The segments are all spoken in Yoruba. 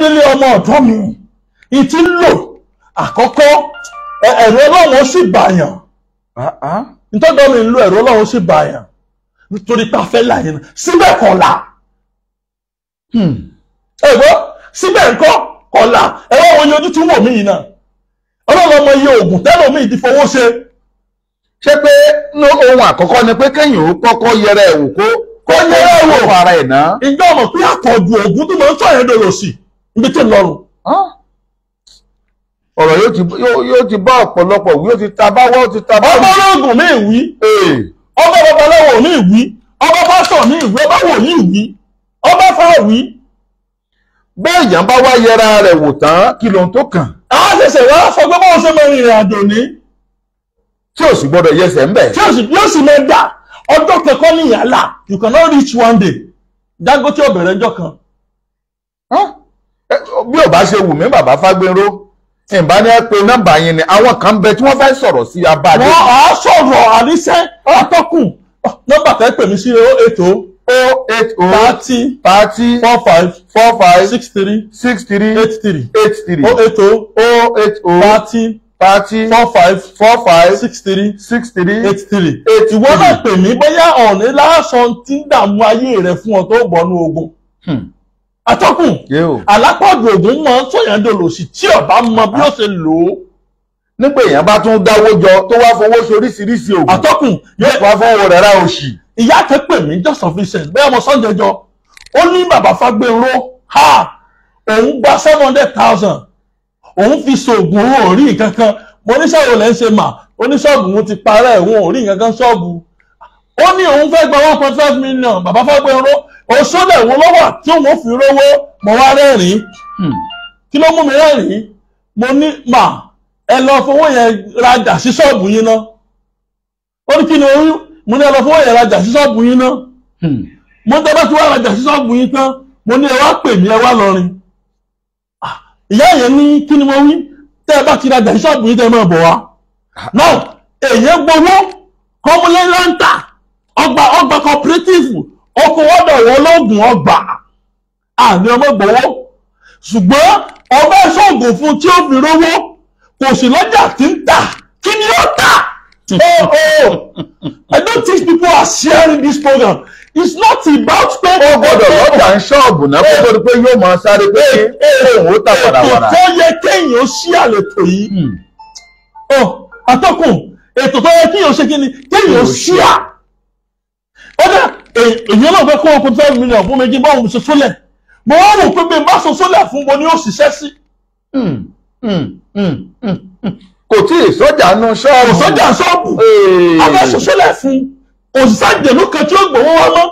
délé ọmọ ọ̀dọ́ mi ì ti ń lò àkọ́kọ́ ẹ̀rọ ọlọ́run sì bàyàn uh-huh. nítọ́jọ́ mi ń lo ẹ̀rọ ọlọ́run sì bàyàn nítorí pé a fẹ́ láyé náà síbẹ̀ kọ̀ọ̀la hmm. ẹ̀gbọ́n síbẹ̀ ńkọ́ kọ̀ọ̀la ẹ̀rọ òye ojú tí wò mí yìí náà ọlọ́run ọmọ iye oògùn tẹ́lọ̀ mi ti fowó ṣe. ṣé pé ohun àkọ́kọ́ ni pé kéèyàn ó kọ́kọ́ yẹra ẹ̀wò kó kó yẹra ẹ̀wò ìjọ ọmọ pé àtọ̀jù oògùn tó máa ń sọ̀yẹ́ dòrò sí i níbi tí lọ́rùn ọ̀rọ̀ yóò ti bá ọ̀pọ̀lọpọ̀ wí ó ti ta báwọ́ ó ti ta báwọ́. ọba ológun mi ìwí ọba babaláwo mi ìwí ọba pásítọ̀ mi ìwí ọba wò ní ìwí ọba fa ìwí. bẹ́ẹ̀ yàn bá wá yẹra rẹ̀ wò tán kí lóhun tó kàn. a ṣẹ̀ṣẹ̀ wá sọ pé báwo ṣe máa rìnrìn àjò ní. tí ò sì gbọdọ̀ yẹsẹ̀ ń bẹ̀. tí ò sì yóò sì máa dà ọjọ́ kẹ̀kọ́ ní ìyàlá you cannot reach one day Dangote ọ̀bẹ̀rẹ̀ ọjọ́ kan. Huh? bí ò bá ṣe wù mí bàbá Fágbéró ìbá ní ẹ pé nọ́mbà yín ni àwọn kan bẹ tí wọ́n fẹ́ sọ̀rọ̀ sí abájọ. wọn á sọ̀rọ̀ àníṣe atọ́kùn ah, nọ́mbà tẹ́ pè mí sí o oh eight o. Oh o eight o thirty thirty four five four five six three six three eight three eight three o oh eight o o eight o thirty thirty four five four five six three six three eight three eight three. ìwọ náà pè mí bóyá ọ̀nì lásán tí ń dààmú ayé rẹ̀ fún ọ tó gbọ́nú ogun. Hmm atọ́kùn alápọ̀jù ògùn mọ sọ̀yàndòlò sí tí ọba mọ bí ó ṣe lò ó. nígbà èèyàn bá tún dáwó jọ tó wá fowó soríṣiríṣi ògùn atọ́kùn yóò fà fọwọ́ rẹ̀ rà òṣì. ìyá kan pè mí jọ̀sán vincent bẹ́ẹ̀ mo sọ́n jẹjọ ó ní bàbá fagbèrò ha òun gba seven hundred thousand òun fi ṣoògùn òun ò rí nǹkan kan mo ní sọ́ọ̀bù lẹ́ ń ṣe mà oníṣọ́ọ̀bù mo ti parẹ́ òun ò rí nǹkan kan ṣọ́ọ̀bù ó ní òun fẹ́ gba one point five million bàbá Fágbónró òṣòdè òun ló wà tí òun fi rówó mọ̀ wá rẹ́rìn-ín hmm. kí ló mú mi rẹ́rìn-ín mo ní mà ẹ lọ fowó yẹn rajà sí ṣọ́ọ̀bù yín náà ó ní kí ni oyún mo ní ẹ lọ fowó yẹn rajà sí ṣọ́ọ̀bù yín náà hmm. mo ní tọ́ba tí wọ́n rajà sí ṣọ́ọ̀bù yín tán mo ní ẹ wá pè mí ẹ wá lọrin ah, ìyá yẹn ní kí ni mo wí tẹ́ ẹ bá ti rajà sí ṣọ́ọ̀bù yín tẹ́ ẹ máa bọ̀ wá ah. náà èyí gbowó kọ́múlé láǹtà ọgbà ọgbà cooperative oko ọdọ ìwọ ológun ọgbà àmì ọmọ ṣùgbọ́n ọmọ ṣoògùn fún tí ó fi rówó kò sí lọ́jà tí ń tà kí ni ó tà. Oh, oh. i don't think people are sharing this program it's not about paying. ó gbọ́dọ̀ lọ́jà ń ṣọ́ọ̀bù náà kó tó di pé yóò máa sáré pé òun ó tà wàràwàrà. ètò tó yẹ kéèyàn ṣí àlètò yìí. ọ hmm. oh, atọ́kùn ètò tó yẹ kéèyàn ṣe kí ni kéèyàn ṣí à ọ̀dà èyàn náà fẹ́ kó o pé twelve million fún mi kí n bá òun ṣe sólẹ̀ mo wá rò pé bí n bá ṣe sólẹ̀ fún bo ni ó ṣiṣẹ́ sí. Hmm, hmm, hmm, kò tí ì sọ́jà nu ṣọ́ọ̀bù kò sọ́jà ṣọ́ọ̀bù a fẹ́ ṣe sólẹ̀ fún òṣìṣẹ́ àjẹ̀lú kan tí ó gbowó wá mọ́.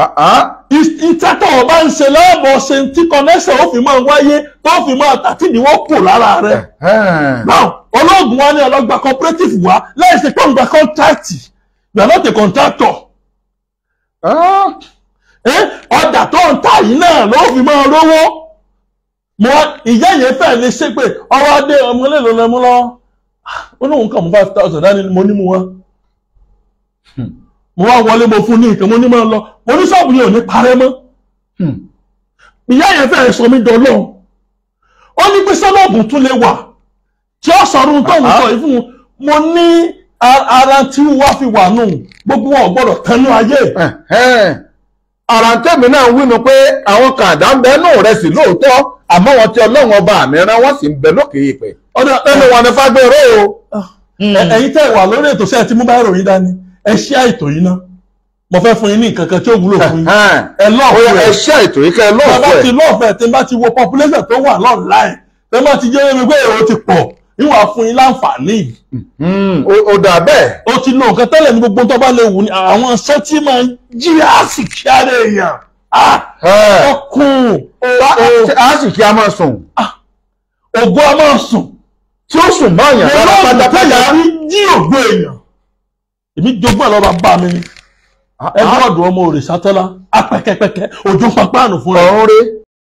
Ah, ah. ìtẹ́tọ̀ ọba ń ṣe lọ́ọ̀bọ̀ ṣe ń tí kọ́nẹ́sẹ̀ ó fi máa wáyé tó fi máa tàtí ni wọ́n kò lára rẹ̀. náà olóògùn wa ni ọlọ́gbà cooperative wa láì ṣe pé òǹgbà kọ́ńtráàtì you are not a contractor eh? ọjà tó ń tà yìí náà ló fi máa rówó mo ìyá yẹn fẹ́ lè ṣe pé ọwọ́ adé ọmọ lélo lẹ́mú lọ́wọ́ ó lóun kàn mú five thousand dání mo ní mu wọn hmm. mo wá wọlé mo fún ní nǹkan mo ní máa lọ mo ní ṣọ́ọ̀bù yẹn ò ní parẹ́ mọ́ hmm. ìyá yẹn fẹ́ sọ mí dọ́lọ́hún ó ní pé sọ́lọ́ọ̀bù tún lè wà tí ó sọ̀rọ̀ tóun sọ yìí fún mo ní. ara tí wọ́n fi wà nù gbogbo wọn gbọdọ tẹnu ayé. ara tẹ̀mí náà wí ni pé àwọn kàdá ń nù rẹ̀ sí lóòótọ́ àmọ́ wọn ti ọlọ́run ọba àmì rán wọ́n sì ń bẹ lókè ìpè. ọ̀dọ̀ ẹnu wà ní o. Hmm. ẹ̀yin wà lórí ètò ròyìn dání ẹ ṣí àìtò yìí ná fún yín ní kan tí ó wúlò ẹ ẹ ṣí àìtò ẹ ìwà fún yín láǹfààní yìí. Hmm. ó dà bẹ́ẹ̀. ó ti lo nǹkan tẹ́lẹ̀ ní gbogbo tó bá lè wù ní àwọn iṣẹ́ tí máa ń jí àsìkí ara èèyàn. ọkùn àsìkí a máa sùn. ògbó a máa sùn. tí ó sùn máa yàn lára pátápátá. èmi jí ògbó èèyàn. èmi jogún ẹ̀ lọ́ba bá mi ni. ẹgbẹ́ ọ̀dùn ọmọ òrìṣà tọ́lá apẹ̀kẹ̀pẹ̀kẹ̀ òjò pápánu fún ẹ. ọ̀run